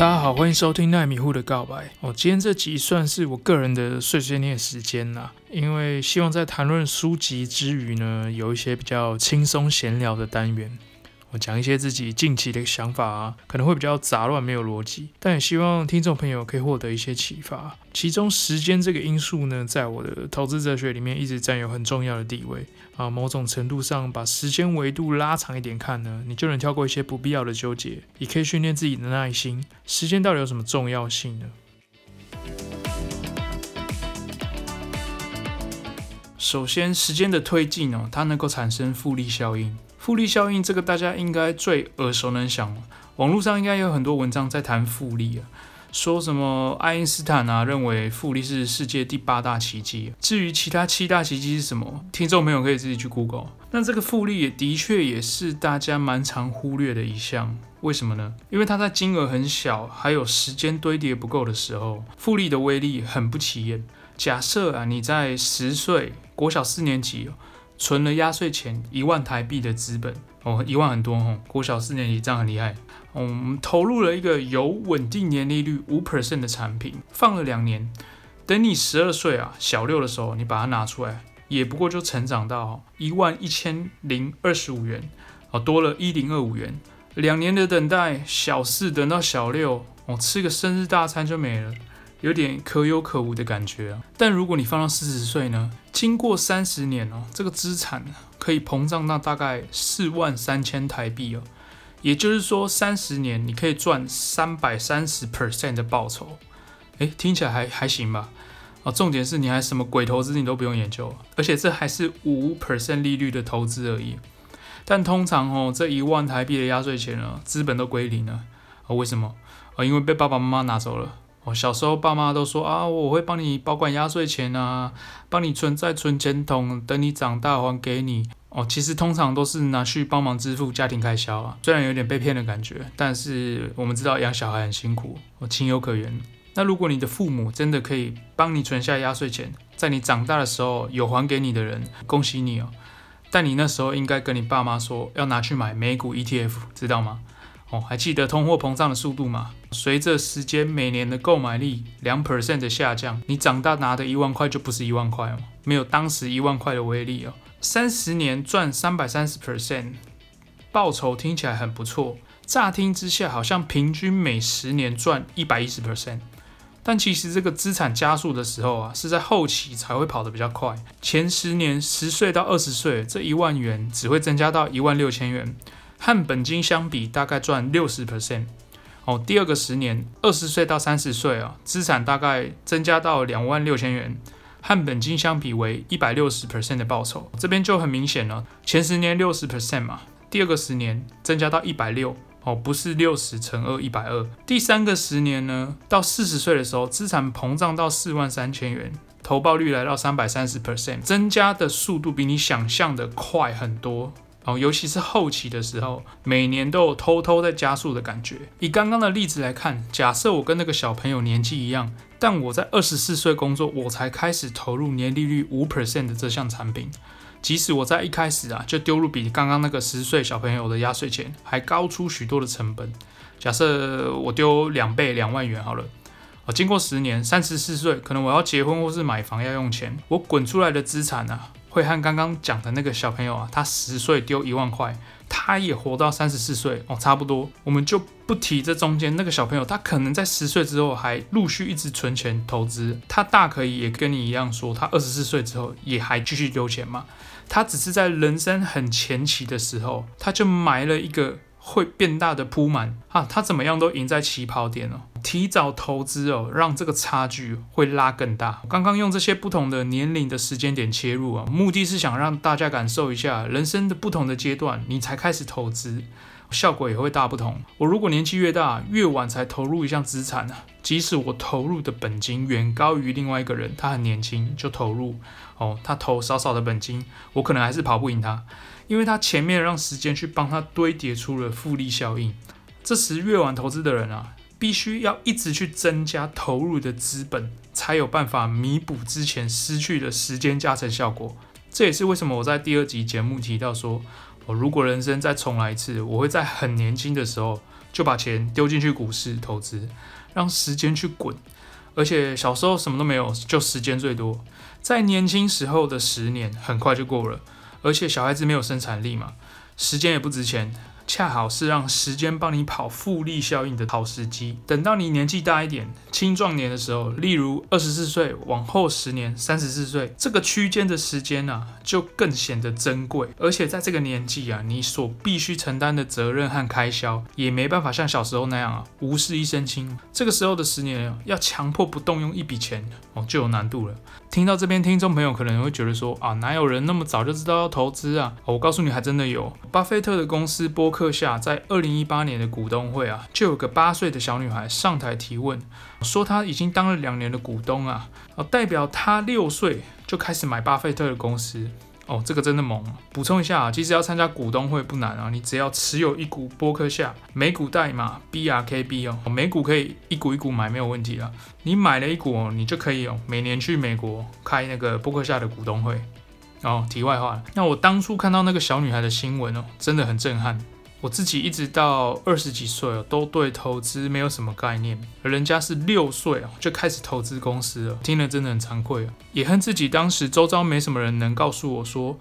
大家好，歡迎收聽《奈米戶的告白》哦。今天這集算是我個人的碎碎念時間啦，啊，因為希望在談論書籍之餘呢，有一些比較輕鬆閒聊的單元。我講一些自己近期的想法啊，可能會比較雜亂，沒有邏輯，但也希望聽眾朋友可以獲得一些啟發。其中時間這個因素呢，在我的投資哲學裡面一直佔有很重要的地位啊。某種程度上，把時間維度拉長一點看呢，你就能跳過一些不必要的糾結，也可以訓練自己的耐心。時間到底有什麼重要性呢？首先，時間的推進哦，它能夠產生複利效應。複利效應，這個大家應該最耳熟能詳。網絡上應該也有很多文章在談複利啊，說什麼愛因斯坦啊認為複利是世界第八大奇蹟。至於其他七大奇蹟是什麼？聽眾朋友可以自己去 Google。那這個複利也的確也是大家蠻常忽略的一項，為什麼呢？因為它在金額很小，還有時間堆疊不夠的時候，複利的威力很不起眼。假設啊，你在十歲，國小四年級，哦。存了壓歲錢一萬台幣的資本哦，一萬很多吼，國小四年級這樣很厲害。我們投入了一個有穩定年利率五 percent 的產品，放了兩年，等你十二歲啊，小六的時候，你把它拿出來，也不過就成長到一萬一千零二十五元，哦，多了一零二五元。兩年的等待，小四等到小六，我吃個生日大餐就沒了。有點可有可無的感覺啊。但如果你放到四十歲呢？經過三十年哦、喔，這個資產可以膨脹到大概四萬三千台幣哦。也就是說，三十年你可以賺三百三十 percent 的報酬，欸。誒，聽起來還還行吧？啊，重點是你還什麼鬼投資你都不用研究，而且這還是5% percent 利率的投資而已。但通常哦、喔，這一萬台幣的壓歲錢呢，資本都歸零了啊？為什麼？啊，因為被爸爸媽媽拿走了。小時候爸媽都說啊，我會幫你保管壓歲錢啊，幫你存在存錢筒，等你長大還給你。哦，其實通常都是拿去幫忙支付家庭開銷啊，雖然有點被騙的感覺，但是我們知道養小孩很辛苦，哦，情有可原。那如果你的父母真的可以幫你存下壓歲錢，在你長大的時候有還給你的人，恭喜你哦。但你那時候應該跟你爸媽說要拿去買美股 ETF，知道嗎？哦，還記得通貨膨脹的速度嗎？隨着時間，每年的購買力兩 percent 的下降，你長大拿的一萬塊就不是一萬塊哦。沒有當時一萬塊的威力哦。三十年賺三百三十 percent 報酬，聽起來很不錯，乍聽之下好像平均每十年賺一百一十 percent，但其實這個資產加速的時候啊，是在後期才會跑得比較快。前十年，十歲到二十歲這一萬元只會增加到一萬六千元，和本金相比大概賺六十 percent。哦，第二個十年，二十歲到三十歲啊，資產大概增加到兩萬六千元，和本金相比為一百六十 percent 的報酬，這邊就很明顯了啊。前十年六十 percent 嘛，第二個十年增加到一百六，哦，不是六十乘二一百二。第三個十年呢，到四十歲的時候，資產膨脹到四萬三千元，投報率來到三百三十 percent，增加的速度比你想象的快很多。啊，尤其是後期的時候，每年都有偷偷在加速的感覺。以剛剛的例子來看，假設我跟那個小朋友年紀一樣，但我在二十四歲工作，我才開始投入年利率五 percent 的這項產品。即使我在一開始啊就丟入比剛剛那個十歲小朋友的壓歲錢還高出許多的成本，假設我丟兩倍兩萬元好了，啊，經過十年，三十四歲，可能我要結婚或是買房要用錢，我滾出來的資產呢、啊？會和剛剛講的那個小朋友啊，他十歲丟一萬塊，他也活到三十四歲哦，差不多，我們就不提這中間那個小朋友，他可能在十歲之後還陸續一直存錢投資，他大可以也跟你一樣說，他二十四歲之後也還繼續丟錢嘛，他只是在人生很前期的時候，他就埋了一個。會變大的鋪滿啊，他怎麼樣都贏在起跑點哦。提早投資哦，讓這個差距會拉更大。剛剛用這些不同的年齡的時間點切入啊，目的是想讓大家感受一下人生的不同的階段，你才開始投資。效果也會大不同。我如果年紀越大，越晚才投入一項資產呢，即使我投入的本金遠高於另外一個人，他很年輕就投入，哦，他投少少的本金，我可能還是跑不贏他，因為他前面讓時間去幫他堆疊出了複利效應。這時越晚投資的人啊，必須要一直去增加投入的資本，才有辦法彌補之前失去的時間加成效果。這也是為什麼我在第二集節目提到說。我如果人生再重來一次，我會在很年輕的時候就把錢丟進去股市投資，讓時間去滾。而且小時候什麼都沒有，就時間最多。在年輕時候的十年很快就過了，而且小孩子沒有生產力嘛，時間也不值錢。恰好是讓時間幫你跑複利效應的好時機。等到你年紀大一點，青壯年的時候，例如二十四歲往後十年，三十四歲這個區間的時間啊，就更顯得珍貴。而且在這個年紀啊，你所必須承擔的責任和開銷，也沒辦法像小時候那樣啊，無事一身輕。這個時候的十年要強迫不動用一筆錢哦，就有難度了。聽到這邊，聽眾朋友可能會覺得說啊，哪有人那麼早就知道要投資啊？我告訴你，還真的有，巴菲特的公司波克。波克夏在二零一八年的股東會啊，就有個八歲的小女孩上台提問，說她已經當了兩年的股東啊，代表她六歲就開始買巴菲特的公司，哦，這個真的猛、啊。補充一下啊，其實要參加股東會不難啊，你只要持有一股波克夏，美股代碼 BRKB 哦，美股可以一股一股買沒有問題，你買了一股、哦、你就可以哦，每年去美國開那個波克夏的股東會。哦，題外話，那我當初看到那個小女孩的新聞哦，真的很震撼。我自己一直到二十幾歲哦，都對投資沒有什麼概念，而人家是六歲就開始投資公司了，聽了真的很慚愧啊，也恨自己當時周遭沒什麼人能告訴我說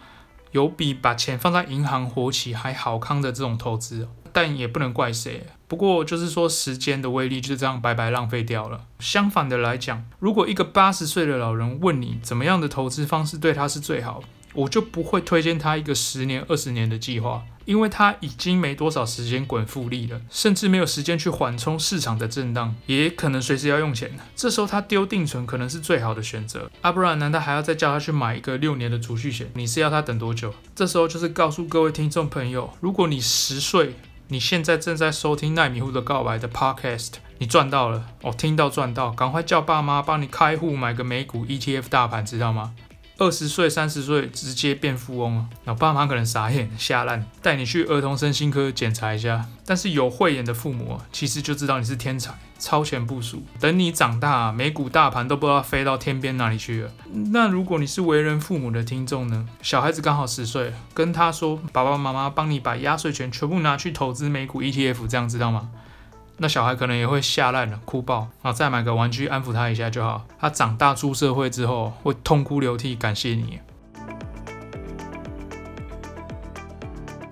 有比把錢放在銀行活期還好康的這種投資，但也不能怪誰。不過就是說時間的威力就這樣白白浪費掉了。相反的來講，如果一個八十歲的老人問你怎麼樣的投資方式對他是最好？我就不會推薦他一個十年、二十年的計劃，因為他已經沒多少時間滾複利了，甚至沒有時間去緩衝市場的震盪，也可能隨時要用錢。這時候他丟定存可能是最好的選擇。啊、不然難道還要再叫他去買一個六年的儲蓄險？你是要他等多久？這時候就是告訴各位聽眾朋友，如果你十歲，你現在正在收聽奈米戶的告白的 Podcast，你賺到了，我、哦、聽到賺到，趕快叫爸媽幫你開戶買個美股 ETF 大盤，知道嗎？二十歲、三十歲直接變富翁啊！老爸媽可能傻眼、瞎爛，帶你去兒童身心科檢查一下。但是有慧眼的父母其實就知道你是天才，超前部署。等你長大，美股大盤都不知道飛到天邊哪裡去了。那如果你是為人父母的聽眾呢？小孩子剛好十歲，跟他說：“爸爸媽媽幫你把壓歲錢全部拿去投資美股 ETF，這樣知道嗎？”那小孩可能也會嚇爛了，哭爆，再買個玩具安撫他一下就好。他長大出社會之後，會痛哭流涕感謝你。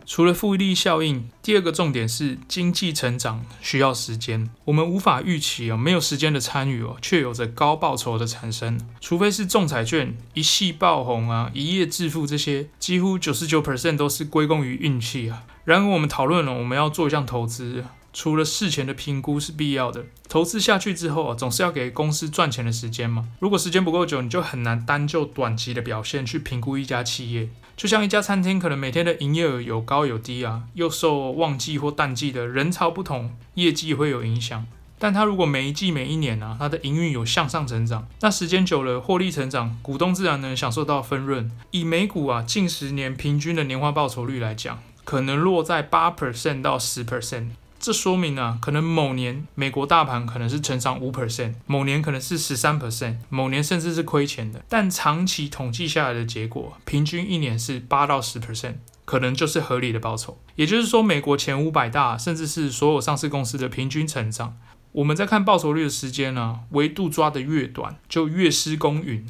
除了複利效應，第二個重點是經濟成長需要時間，我們無法預期哦。沒有時間的參與哦，卻有着高報酬的產生，除非是中彩券一夕爆紅啊，一夜致富這些，幾乎九十九 percent 都是歸功於運氣啊。然而我們討論了，我們要做一項投資。除了事前的評估是必要的，投資下去之後啊，總是要給公司賺錢的時間嘛。如果時間不夠久，你就很難單就短期的表現去評估一家企業。就像一家餐廳，可能每天的營業額有高有低啊，又受旺季或淡季的人潮不同，業績會有影響。但它如果每一季、每一年啊，它的營運有向上成長，那時間久了，獲利成長，股東自然能享受到分潤。以美股啊，近十年平均的年化報酬率來講，可能落在八 percent 到十 percent。這說明啊，可能某年美國大盤可能是成長五 percent，某年可能是十三 percent，某年甚至是虧錢的。但長期統計下來的結果，平均一年是八到十 percent，可能就是合理的報酬。也就是說，美國前五百大，甚至是所有上市公司的平均成長，我們在看報酬率的時間呢、啊，維度抓得越短，就越失公允。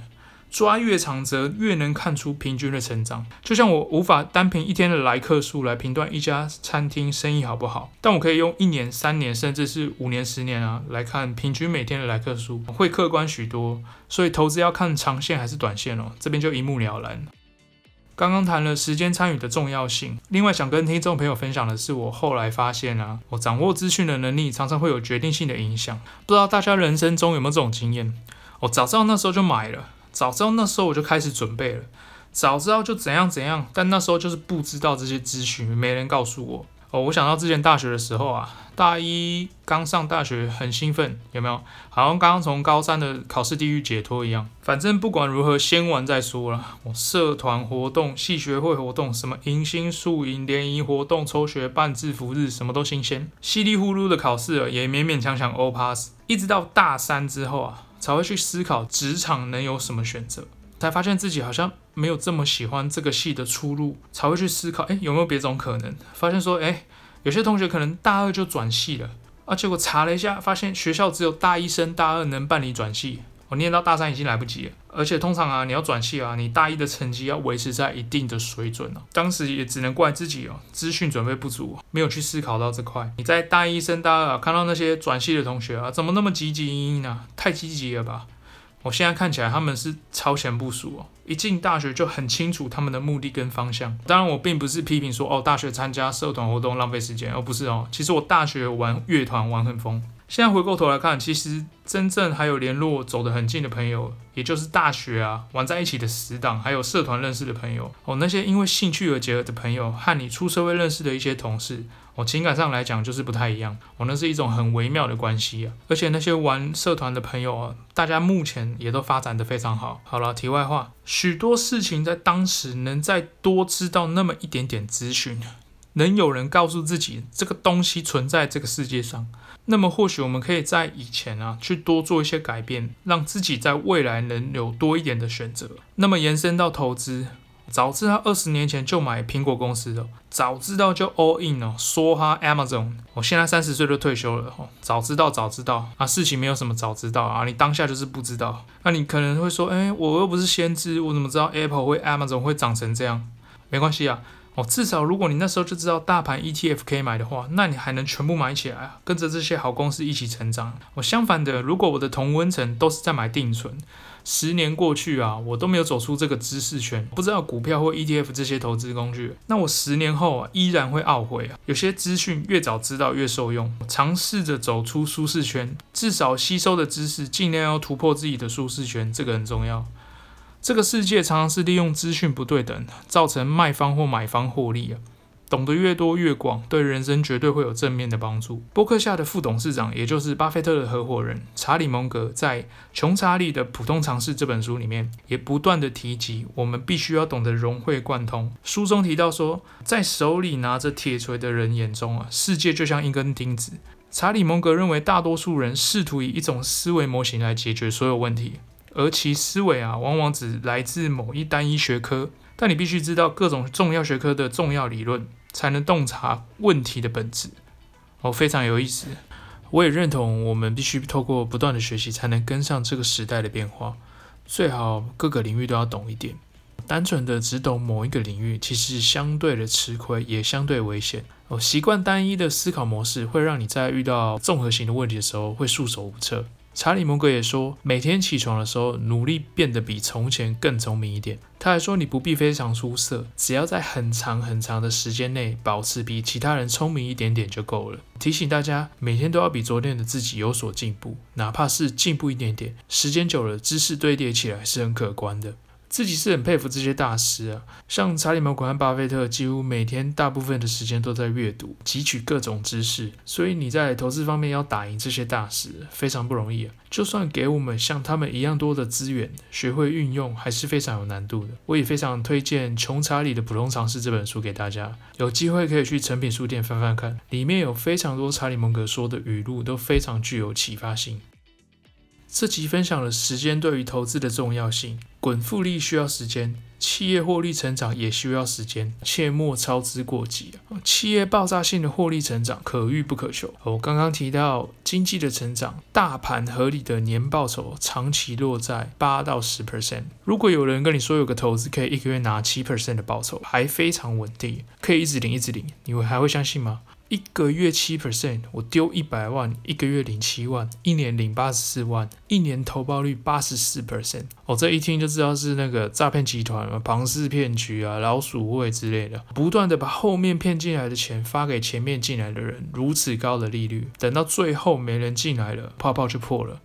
抓越長，則越能看出平均的成長。就像我無法單憑一天的來客數來評斷一家餐廳生意好不好，但我可以用一年、三年，甚至是五年、十年啊來看平均每天的來客數，會客觀許多。所以投資要看長線還是短線哦，這邊就一目了然。剛剛談了時間參與的重要性，另外想跟聽眾朋友分享的是，我後來發現啊，我掌握資訊的能力常常會有決定性的影響。不知道大家人生中有沒有這種經驗？我早知道那時候就買了。早知道那時候我就開始準備了，早知道就怎樣怎樣，但那時候就是不知道這些資訊，沒人告訴我。哦，我想到之前大學的時候啊，大一剛上大學很興奮，有沒有？好像剛剛從高三的考試地獄解脫一樣。反正不管如何，先玩再說了。哦，社團活動、系學會活動、什麼迎新宿營、聯誼活動、抽學伴、制服日，什麼都新鮮。稀里糊塗的考試啊，也勉勉強強 all pass。一直到大三之後啊，才會去思考職場能有什麼選擇，才發現自己好像沒有這麼喜歡這個系的出路。才會去思考，哎，有沒有別種可能？發現說，哎，有些同學可能大二就轉系了。而且我查了一下，發現學校只有大一升大二能辦理轉系。我念到大三已經來不及了，而且通常啊，你要轉系啊，你大一的成績要維持在一定的水準啊、喔。當時也只能怪自己哦、喔，資訊準備不足、喔，沒有去思考到這塊。你在大一升大二啊，看到那些轉系的同學啊，怎麼那麼積極呢？太積極了吧？我現在看起來他們是超前部署哦、喔，一進大學就很清楚他們的目的跟方向。當然，我並不是批評說哦、喔，大學參加社團活動浪費時間而、喔、不是哦、喔，其實我大學玩樂團玩很瘋。現在回過頭來看，其實真正還有聯絡、走得很近的朋友，也就是大學啊玩在一起的死黨，還有社團認識的朋友哦。那些因為興趣而結合的朋友，和你出社會認識的一些同事哦，情感上來講就是不太一樣。哦，那是一種很微妙的關係啊。而且那些玩社團的朋友、啊、大家目前也都發展得非常好。好了，題外話，許多事情在當時能再多知道那麼一點點資訊。能有人告訴自己這個東西存在這個世界上，那麼或許我們可以在以前啊，去多做一些改變，讓自己在未來能有多一點的選擇。那麼延伸到投資，早知道二十年前就買蘋果公司了，早知道就 all in 哦。梭哈 Amazon，我現在三十歲就退休了哈，早知道早知道啊，事情沒有什麼早知道啊，你當下就是不知道，那你可能會說，哎，我又不是先知，我怎麼知道 Apple 或 Amazon 會長成這樣？沒關係啊。哦，至少如果你那時候就知道大盤 ETF 可以買的話，那你還能全部買起來啊，跟着這些好公司一起成長。我相反的，如果我的同溫層都是在買定存，十年過去啊，我都沒有走出這個知識圈，不知道股票或 ETF 這些投資工具，那我十年後啊依然會懊悔啊。有些資訊越早知道越受用，嘗試着走出舒適圈，至少吸收的知識儘量要突破自己的舒適圈，這個很重要。這個世界常常是利用資訊不對等，造成賣方或買方獲利啊。懂得越多越廣，對人生絕對會有正面的幫助。波克夏的副董事長，也就是巴菲特的合夥人查理·蒙格，在《窮查理的普通常識》這本書裡面，也不斷地提及，我們必須要懂得融會貫通。書中提到說，在手裡拿着鐵錘的人眼中啊，世界就像一根釘子。查理·蒙格認為，大多數人試圖以一種思維模型來解決所有問題。而其思維啊，往往只來自某一單一學科。但你必須知道各種重要學科的重要理論，才能洞察問題的本質。哦，非常有意思。我也認同，我們必須透過不斷的學習，才能跟上這個時代的變化。最好各個領域都要懂一點。單純的只懂某一個領域，其實相對的吃虧，也相對危險。哦，習慣單一的思考模式，會讓你在遇到綜合性的問題的時候，會束手無策。查理·芒格也說，每天起床的時候努力變得比從前更聰明一點。他還說，你不必非常出色，只要在很長很長的時間內保持比其他人聰明一點點就夠了。提醒大家，每天都要比昨天的自己有所進步，哪怕是進步一點點，時間久了，知識堆疊起來是很可觀的。自己是很佩服這些大師啊，像查理芒格和巴菲特，幾乎每天大部分的時間都在閱讀，汲取各種知識。所以你在投資方面要打贏這些大師，非常不容易啊！就算給我們像他們一樣多的資源，學會運用還是非常有難度的。我也非常推薦《窮查理的普通常識》這本書給大家，有機會可以去誠品書店翻翻看，裡面有非常多查理蒙格說的語錄，都非常具有啟發性。這集分享了時間對於投資的重要性，滾複利需要時間，企業獲利成長也需要時間，切莫操之過急。企業爆炸性的獲利成長可遇不可求。我剛剛提到經濟的成長，大盤合理的年報酬長期落在八到十 percent。如果有人跟你說有個投資可以一個月拿七 percent 的報酬，還非常穩定，可以一直領一直領，你會還會相信嗎？一個月七 percent，我丟一百萬，一個月領七萬，一年領八十四萬，一年投報率八十四 percent。我、哦、這一聽就知道是那個詐騙集團、龐氏騙局啊、老鼠會之類的，不斷的把後面騙進來的錢發給前面進來的人，如此高的利率，等到最後沒人進來了，泡泡就破了。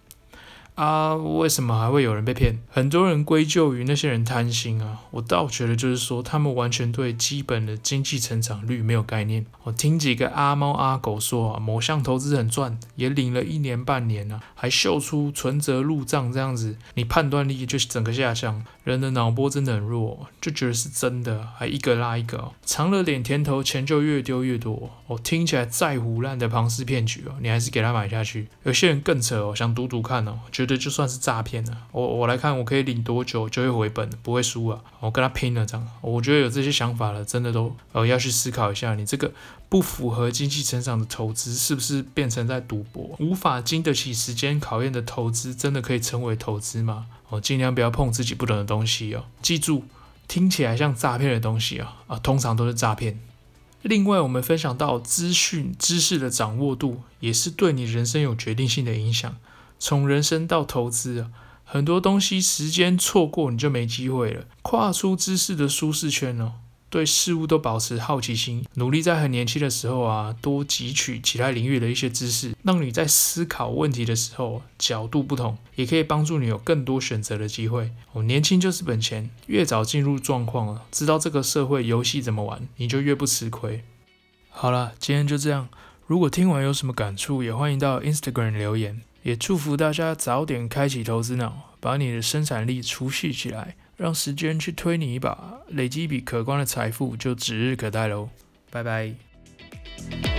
啊，為什麼還會有人被騙？很多人歸咎於那些人貪心啊，我倒覺得就是說，他們完全對基本的經濟成長率沒有概念。我聽幾個阿貓阿狗說啊，某項投資很賺，也領了一年半年了啊，還秀出存折入賬這樣子，你判斷力就整個下降。人的腦波真的很弱，就覺得是真的，還一個拉一個，哦，嘗了點甜頭，錢就越丟越多。我、哦、聽起來再唬爛的龐氏騙局哦，你還是給他買下去。有些人更扯哦，想賭賭看哦，覺得就算是詐騙了，我、哦、我來看我可以領多久就會回本，不會輸啊，我、哦、跟他拼了這樣、哦。我覺得有這些想法了，真的都呃、哦、要去思考一下，你這個不符合經濟成長的投資，是不是變成在賭博？無法經得起時間考驗的投資，真的可以成為投資嗎？我儘量不要碰自己不懂的東西哦。記住，聽起來像詐騙的東西啊、哦、啊，通常都是詐騙。另外，我們分享到資訊知識的掌握度，也是對你人生有決定性的影響。從人生到投資啊，很多東西時間錯過你就沒機會了。跨出知識的舒適圈哦。對事物都保持好奇心，努力在很年輕的時候啊，多汲取其他領域的一些知識，讓你在思考問題的時候角度不同，也可以幫助你有更多選擇的機會。哦，年輕就是本錢，越早進入狀況啊，知道這個社會遊戲怎麼玩，你就越不吃虧。好了，今天就這樣。如果聽完有什麼感觸，也歡迎到 Instagram 留言。也祝福大家早點開啟投資腦，把你的生產力儲蓄起來。讓時間去推你一把，累積一筆可觀的財富就指日可待嘍！拜拜。